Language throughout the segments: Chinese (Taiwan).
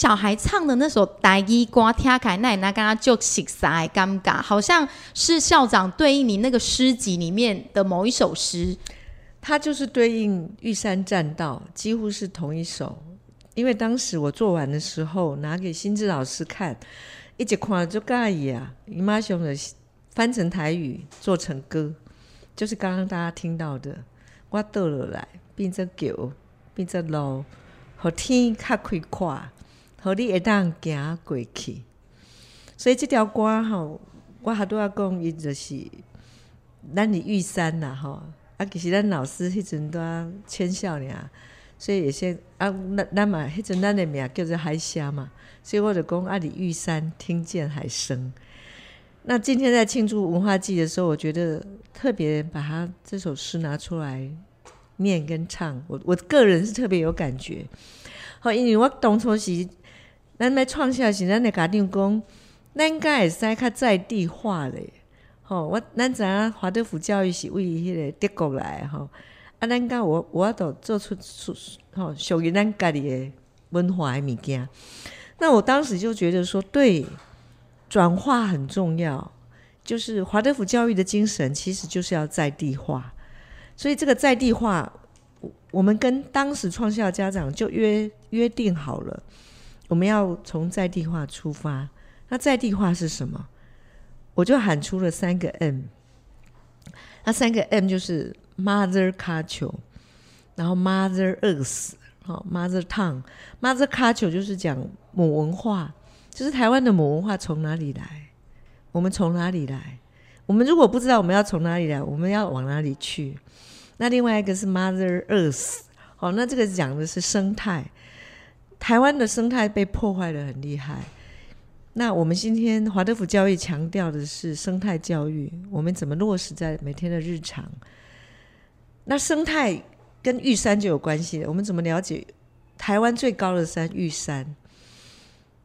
小孩唱的那首台語歌聽起來奶奶剛剛就實的感覺，好像是校長對應你那個詩集裡面的某一首詩，它就是對應玉山棧道，幾乎是同一首。因為當時我做完的時候，拿給新智老師看，一直看就尬意啊。姨媽兄的翻成台語，做成歌，就是剛剛大家聽到的。我倒了來，變成橋，變成路，好天開開跨。和你會當行過去，所以這條歌吼，我好多要講，伊着是，咱李玉山吶吼，啊，其實咱老師迄陣都謙笑你啊，所以也先啊，咱咱嘛，迄陣咱的名叫做海聲嘛，所以我就講，啊，李玉山聽見海聲。那今天在慶祝文化祭的時候，我覺得特別把他這首詩拿出來念跟唱，我我個人是特別有感覺。好，因為我當初是。咱來創校時，咱的家長講，咱該也是較在地化嘞。吼、哦，我咱知華德福教育是為迄個德國來，吼、哦。啊，咱家我我都做出出吼屬於咱家裡的文化的物件。那我當時就覺得說，對，轉化很重要。就是華德福教育的精神，其實就是要在地化。所以這個在地化，我我們跟當時創校家長就約約定好了。我們要從在地化出發。那在地化是什麼？我就喊出了三個 M。那三個 M 就是 Mother Culture，然後 Mother Earth，好，Mother Tongue。Mother Culture 就是講母文化，就是台灣的母文化從哪裡來？我們從哪裡來？我們如果不知道我們要從哪裡來，我們要往哪裡去？那另外一個是 Mother Earth，好，那這個講的是生態。台灣的生態被破壞的很厲害，那我們今天華德福教育強調的是生態教育，我們怎麼落實在每天的日常？那生態跟玉山就有關係，我們怎麼了解台灣最高的山玉山？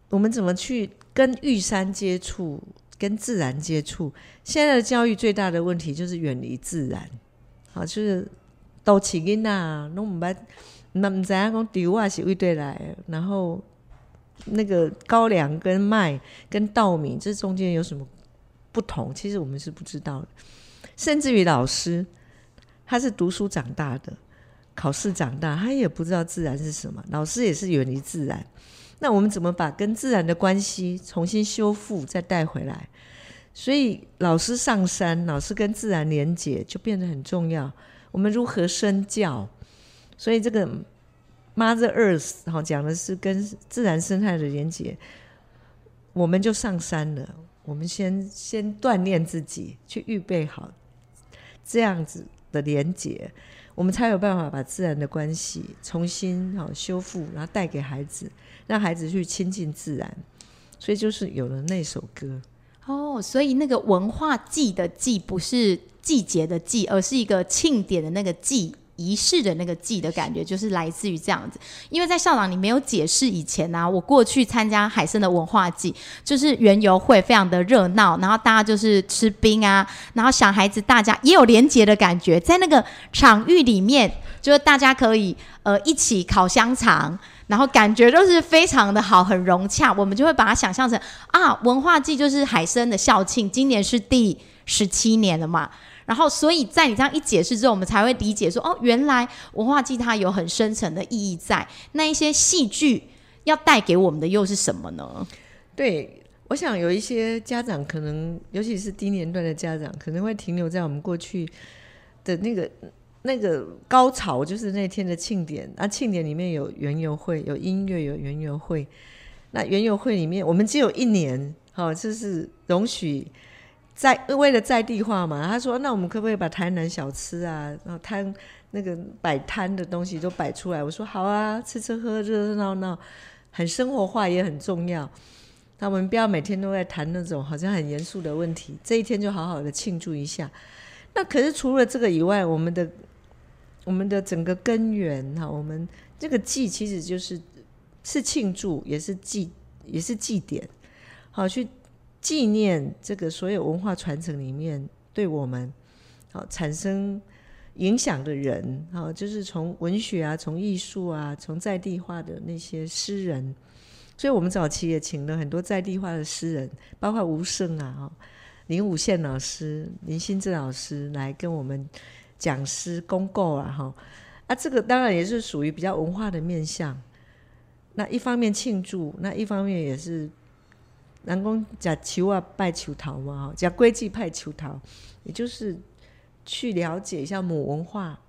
我們怎麼去跟玉山接觸，跟自然接觸？現在的教育最大的問題就是遠離自然，好，就是都起因啊。那我們把。那我們怎樣講？稻花是為對來，然後那個高粱跟麥跟稻米，這中間有什麼不同？其實我們是不知道的。甚至於老師，他是讀書長大的，考試長大，他也不知道自然是什麼。老師也是遠離自然。那我們怎麼把跟自然的關係重新修復，再帶回來？所以老師上山，老師跟自然連結，就變得很重要。我們如何身教？所以這個 Mother Earth 好、哦、講的是跟自然生態的連結，我們就上山了。我們先先鍛鍊自己，去預備好這樣子的連結，我們才有辦法把自然的關係重新好、哦、修復，然後帶給孩子，讓孩子去親近自然。所以就是有了那首歌。哦、oh,，所以那個文化祭的祭不是季節的季，而是一個慶典的那個祭。儀式的那個祭，的感覺，就是來自於這樣子。因為在校長你沒有解釋以前呢、啊，我過去參加海聲的文化祭，就是園遊會非常的熱鬧，然後大家就是吃冰啊，然後小孩子大家也有聯結的感覺，在那個場域裡面，就是大家可以呃一起烤香腸，然後感覺都是非常的好，很融洽。我們就會把它想象成啊，文化祭就是海聲的校慶，今年是第十七年了嘛。然後，所以在你這樣一解釋之後，我們才會理解說，哦，原來文化祭它有很深層的意義在。那一些戲劇要帶給我們的又是什麼呢？對，我想有一些家長可能，尤其是低年段的家長，可能會停留在我們過去的那個那個高潮，就是那天的慶典。那、啊、慶典裡面有園遊會，有音樂，有園遊會。那園遊會裡面，我們只有一年，哈、哦，就是容許。在為了在地化嘛，他說：“那我們可不可以把台南小吃啊，然後攤那個擺攤的東西都擺出來？”我說：“好啊，吃吃喝喝，熱熱鬧鬧，很生活化也很重要。那我們不要每天都在談那種好像很嚴肅的問題，這一天就好好的慶祝一下。那可是除了這個以外，我們的我們的整個根源哈，我們這個祭其實就是是慶祝，也是祭，也是祭典，好去。”紀念這個所有文化傳承裡面對我們，哦產生影響的人，哦就是從文學啊、從藝術啊、從在地化的那些詩人，所以我們早期也請了很多在地化的詩人，包括吳晟啊、哦、林武憲老師、林新鎮老師來跟我們講詩公告啊，哈、哦、啊這個當然也是屬於比較文化的面向，那一方面慶祝，那一方面也是。南宮假求啊，拜求桃嘛，假講歸拜求桃，也就是去了解一下母文化，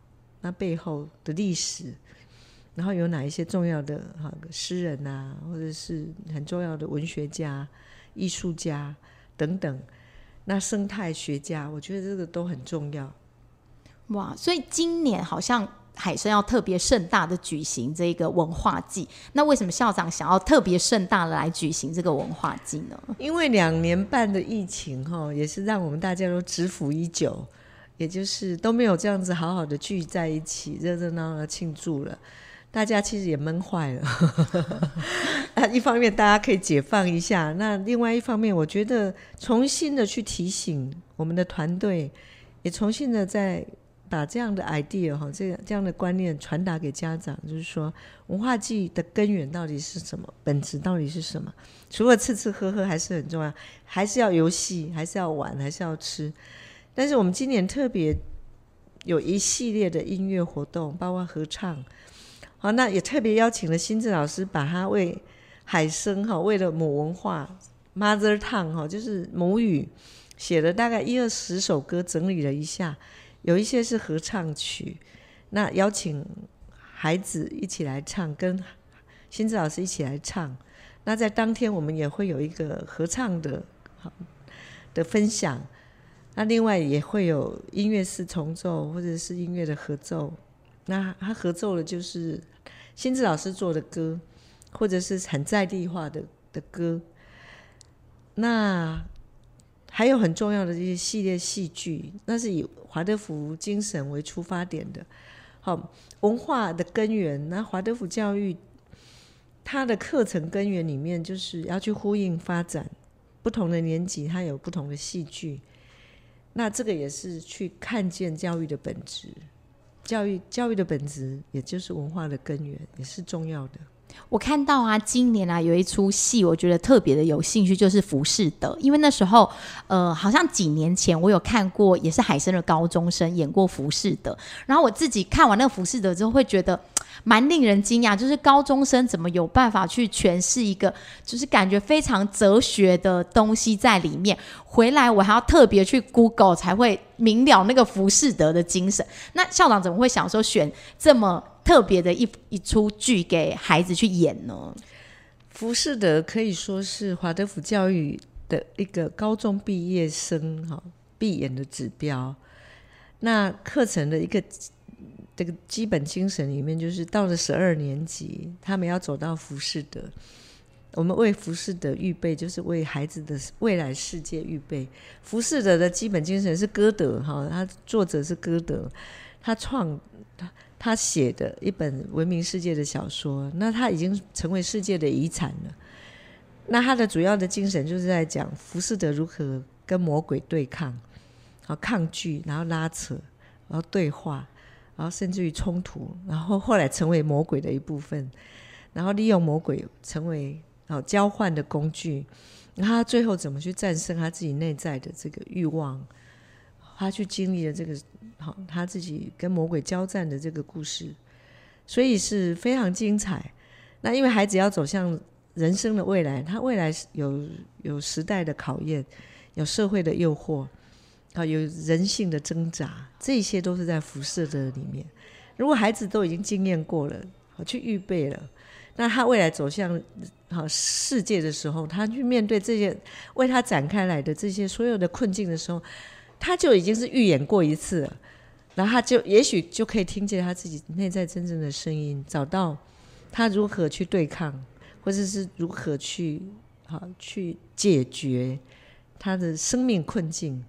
那背後的歷史，然後有哪一些重要的哈詩人吶、啊，或者是很重要的文學家、藝術家等等，那生態學家，我覺得這個都很重要。哇，所以今年好像。海聲要特別盛大的舉行這個文化祭，那為什麼校長想要特別盛大的來舉行這個文化祭呢？因為兩年半的疫情哈，也是讓我們大家都蟄伏已久，也就是都沒有這樣子好好的聚在一起，熱熱鬧鬧慶祝了，大家其實也悶壞了。啊， 一方面大家可以解放一下，那另外一方面，我覺得重新的去提醒我們的團隊，也重新的在。把這樣的 idea 哈，這樣這樣的觀念傳達給家長，就是說文化祭的根源到底是什麼？本質到底是什麼？除了吃吃喝喝還是很重要，還是要遊戲，還是要玩，還是要吃。但是我們今年特別有一系列的音樂活動，包括合唱。好，那也特別邀請了新智老師，把他為海聲哈，為了母文化 （mother tongue） 哈，就是母語寫了大概一二十首歌，整理了一下。有一些是合唱曲，那邀請孩子一起來唱，跟心志老師一起來唱。那在當天我們也會有一個合唱的的分享。那另外也會有音樂四重奏，或者是音樂的合奏。那他合奏的，就是心志老師做的歌，或者是很在地化的的歌。那。還有很重要的這些系列戲劇，那是以華德福精神為出發點的。好，文化的根源，那華德福教育，它的課程根源裡面就是要去呼應發展不同的年級，它有不同的戲劇。那這個也是去看見教育的本質，教育教育的本質也就是文化的根源，也是重要的。我看到啊，今年啊有一出戲，我覺得特別的有興趣，就是《浮士德》。因為那時候，呃，好像幾年前我有看過，也是海聲的高中生演過《浮士德》。然後我自己看完那個《浮士德》之後，會覺得。蠻令人驚訝，就是高中生怎麼有辦法去詮釋一個，就是感覺非常哲學的東西在裡面。回來我還要特別去 Google 才會明了那個浮士德的精神。那校長怎麼會想說選這麼特別的一一出劇給孩子去演呢？浮士德可以說是華德福教育的一個高中畢業生哈必演的指標。那課程的一個。這個基本精神裡面，就是到了十二年級，他們要走到《浮士德》。我們為《浮士德》預備，就是為孩子的未來世界預備。《浮士德》的基本精神是歌德哈，他作者是歌德，他創他他寫的一本聞名世界的小說。那他已經成為世界的遺產了。那他的主要的精神就是在講《浮士德》如何跟魔鬼對抗，然後抗拒，然後拉扯，然後對話。然後甚至於衝突，然後後來成為魔鬼的一部分，然後利用魔鬼成為哦交換的工具，然後他最後怎麼去戰勝他自己內在的這個慾望？他去經歷了這個好他自己跟魔鬼交戰的這個故事，所以是非常精彩。那因為孩子要走向人生的未來，他未來有有時代的考驗，有社會的誘惑。好，有人性的掙扎，這些都是在輻射的裡面。如果孩子都已經經驗過了，好去預備了，那他未來走向好世界的時候，他去面對這些為他展開來的這些所有的困境的時候，他就已經是預演過一次了，然後他就也許就可以聽見他自己內在真正的聲音，找到他如何去對抗，或者是如何去好去解決他的生命困境。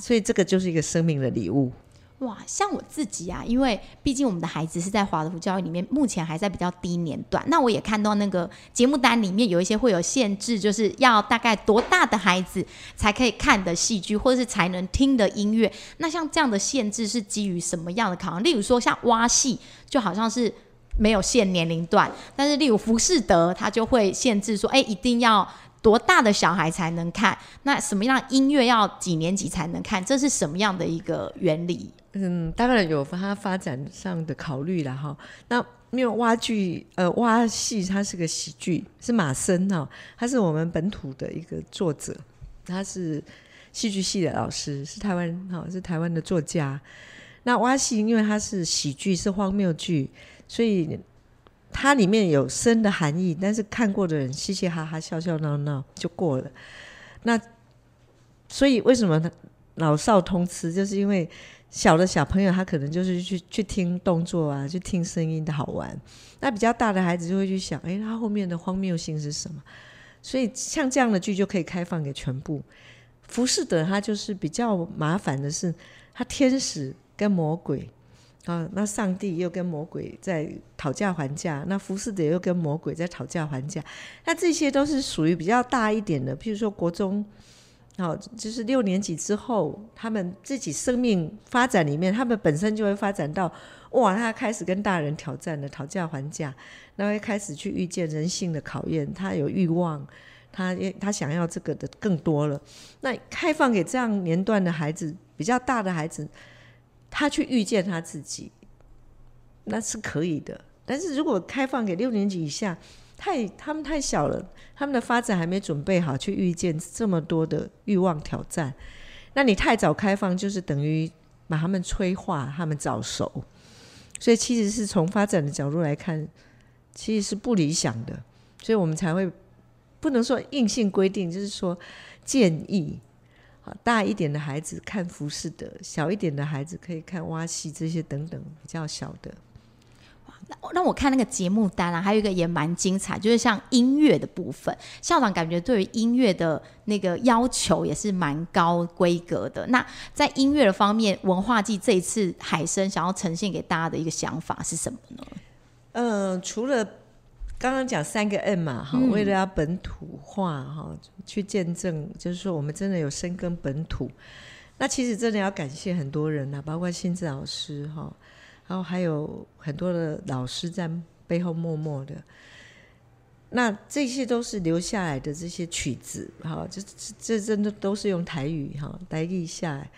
所以這個就是一個生命的禮物。哇，像我自己啊，因為畢竟我們的孩子是在華德福教育裡面，目前還在比較低年段。那我也看到那個節目單裡面有一些會有限制，就是要大概多大的孩子才可以看的戲劇，或者是才能聽的音樂。那像這樣的限制是基於什麼樣的考量？例如說像蛙戲，就好像是沒有限年齡段，但是例如《浮士德》，它就會限制說，哎、欸，一定要。多大的小孩才能看？那什麼樣音樂要幾年級才能看？這是什麼樣的一個原理？嗯，當然有它發展上的考慮了哈。那沒有蛙劇呃蛙戲它是個喜劇，是馬森哈，他是我們本土的一個作者，他是戲劇系的老師，是台灣哈，是台灣的作家。那蛙戲因為它是喜劇，是荒謬劇，所以。它裡面有深的含義，但是看過的人嘻嘻哈哈、笑笑鬧鬧就過了。那所以為什麼老少通吃，就是因為小的小朋友他可能就是去去聽動作啊，去聽聲音的好玩。那比較大的孩子就會去想，誒、欸，他後面的荒謬性是什麼？所以像這樣的劇就可以開放給全部。浮士德他就是比較麻煩的是，他天使跟魔鬼。哦，那上帝又跟魔鬼在討價還價，那浮士德又跟魔鬼在討價還價，那這些都是屬於比較大一點的，譬如說國中，哦，就是六年級之後，他們自己生命發展裡面，他們本身就會發展到，哇，他開始跟大人挑戰了，討價還價，那會開始去遇見人性的考驗，他有欲望，他他想要這個的更多了，那開放給這樣年段的孩子，比較大的孩子。他去遇見他自己，那是可以的。但是如果開放給六年級以下，太他們太小了，他們的發展還沒準備好去遇見這麼多的慾望挑戰。那你太早開放，就是等於把他們催化，他們早熟。所以其實是從發展的角度來看，其實是不理想的。所以我們才會不能說硬性規定，就是說建議。大一點的孩子看《浮士德》，小一點的孩子可以看《蛙戲》。這些等等，比較小的。那我看那個節目單啊，還有一個也蠻精彩，就是像音樂的部分。校長感覺對於音樂的那個要求也是蠻高規格的。那在音樂的方面，文化祭這一次海聲想要呈現給大家的一個想法是什麼呢？嗯、呃，除了。剛剛講三個 M 嘛，哈，為了要本土化，哈、嗯，去見證，就是說我們真的有深耕本土。那其實真的要感謝很多人吶、啊，包括心智老師，哈，然後還有很多的老師在背後默默的。那這些都是留下來的這些曲子，哈，這這真的都是用台語哈來譯下來，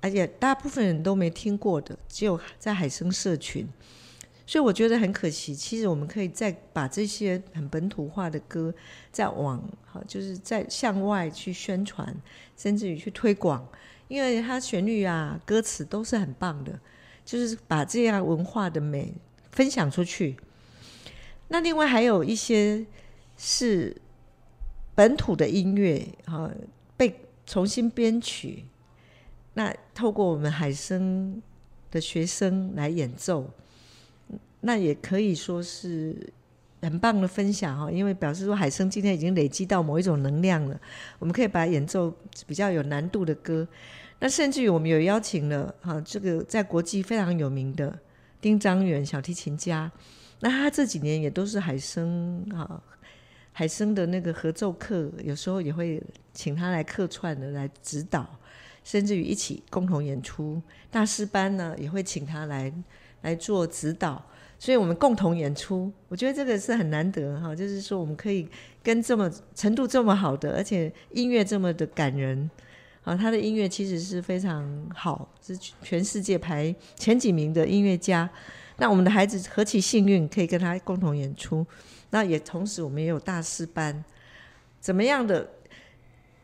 而且大部分人都沒聽過的，只有在海聲社群。所以我覺得很可惜，其實我們可以再把這些很本土化的歌再往好，就是再向外去宣傳，甚至於去推廣，因為它旋律啊、歌詞都是很棒的，就是把這樣文化的美分享出去。那另外還有一些是本土的音樂哈，被重新編曲，那透過我們海聲的學生來演奏。那也可以說是很棒的分享哈，因為表示說海生今天已經累積到某一種能量了，我們可以把演奏比較有難度的歌。那甚至於我們有邀請了哈，這個在國際非常有名的丁章遠小提琴家，那他這幾年也都是海生啊，海生的那個合奏課有時候也會請他來客串的來指導，甚至於一起共同演出。大師班呢也會請他來來做指導。所以我們共同演出，我覺得這個是很難得哈，就是說我們可以跟這麼程度這麼好的，而且音樂這麼的感人啊，他的音樂其實是非常好，是全世界排前幾名的音樂家。那我們的孩子何其幸運，可以跟他共同演出。那也同時我們也有大師班，怎麼樣的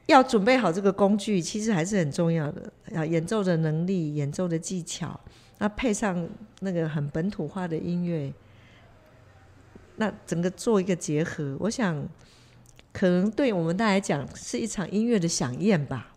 要準備好這個工具，其實還是很重要的啊，要演奏的能力、演奏的技巧。那配上那個很本土化的音樂，那整個做一個結合，我想，可能對我們大家來講是一場音樂的饗宴吧。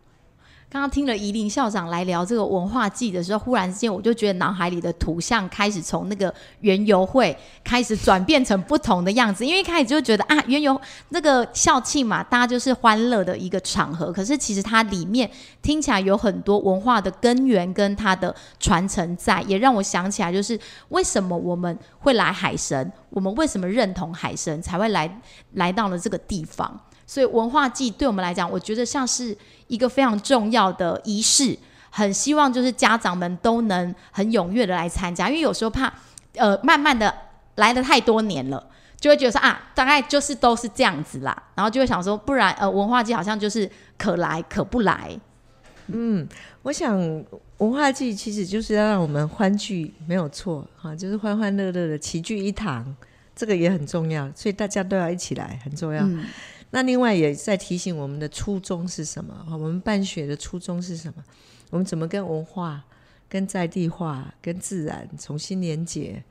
剛剛聽了宜林校長來聊這個文化祭的時候，忽然之間我就覺得腦海裡的圖像開始從那個園遊會開始轉變成不同的樣子。因為一開始就覺得啊，園遊那個校慶嘛，大家就是歡樂的一個場合。可是其實它裡面聽起來有很多文化的根源跟它的傳承在，也讓我想起來，就是為什麼我們會來海聲？我們為什麼認同海聲才會來來到了這個地方？所以文化祭對我們來講，我覺得像是一個非常重要的儀式，很希望就是家長們都能很踴躍的來參加，因為有時候怕，呃，慢慢的來了太多年了，就會覺得說啊，大概就是都是這樣子啦，然後就會想說，不然呃，文化祭好像就是可來可不來。嗯，我想文化祭其實就是要讓我們歡聚，沒有錯哈，啊，就是歡歡樂樂的齊聚一堂，這個也很重要，所以大家都要一起來，很重要。嗯。那另外也在提醒我們的初衷是什麼？我們辦學的初衷是什麼？我們怎麼跟文化、跟在地化、跟自然重新連接。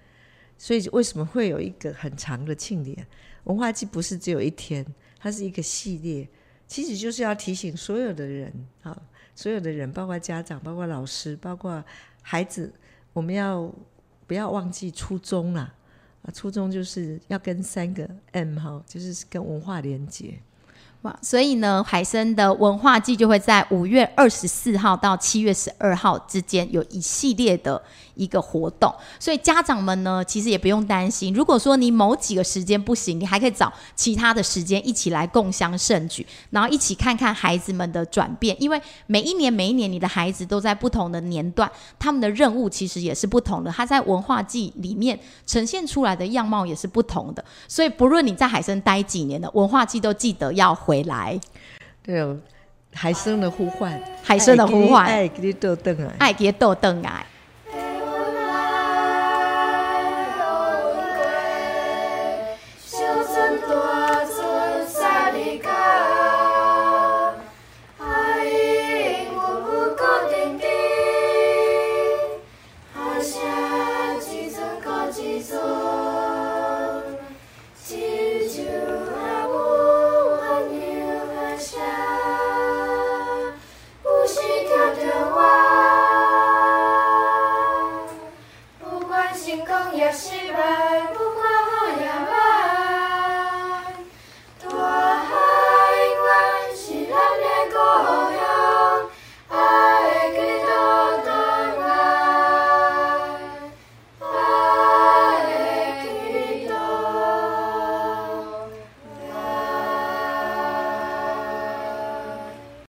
所以為什麼會有一個很長的慶典？文化祭不是只有一天，它是一個系列。其實就是要提醒所有的人啊，所有的人，包括家長、包括老師、包括孩子，我們要不要忘記初衷啦？啊，初衷就是要跟三個 M 哈，就是跟文化連接。所以呢，海聲的文化季就會在五月二十四號到七月十二號之間有一系列的一個活動。所以家長們呢，其實也不用擔心。如果說你某幾個時間不行，你還可以找其他的時間一起來共襄盛舉，然後一起看看孩子們的轉變。因為每一年每一年，你的孩子都在不同的年段，他們的任務其實也是不同的。他在文化季裡面呈現出來的樣貌也是不同的。所以不論你在海聲待幾年，的文化季都記得要回。回來，對，海聲的呼喚，海聲的呼喚，愛給你，愛給你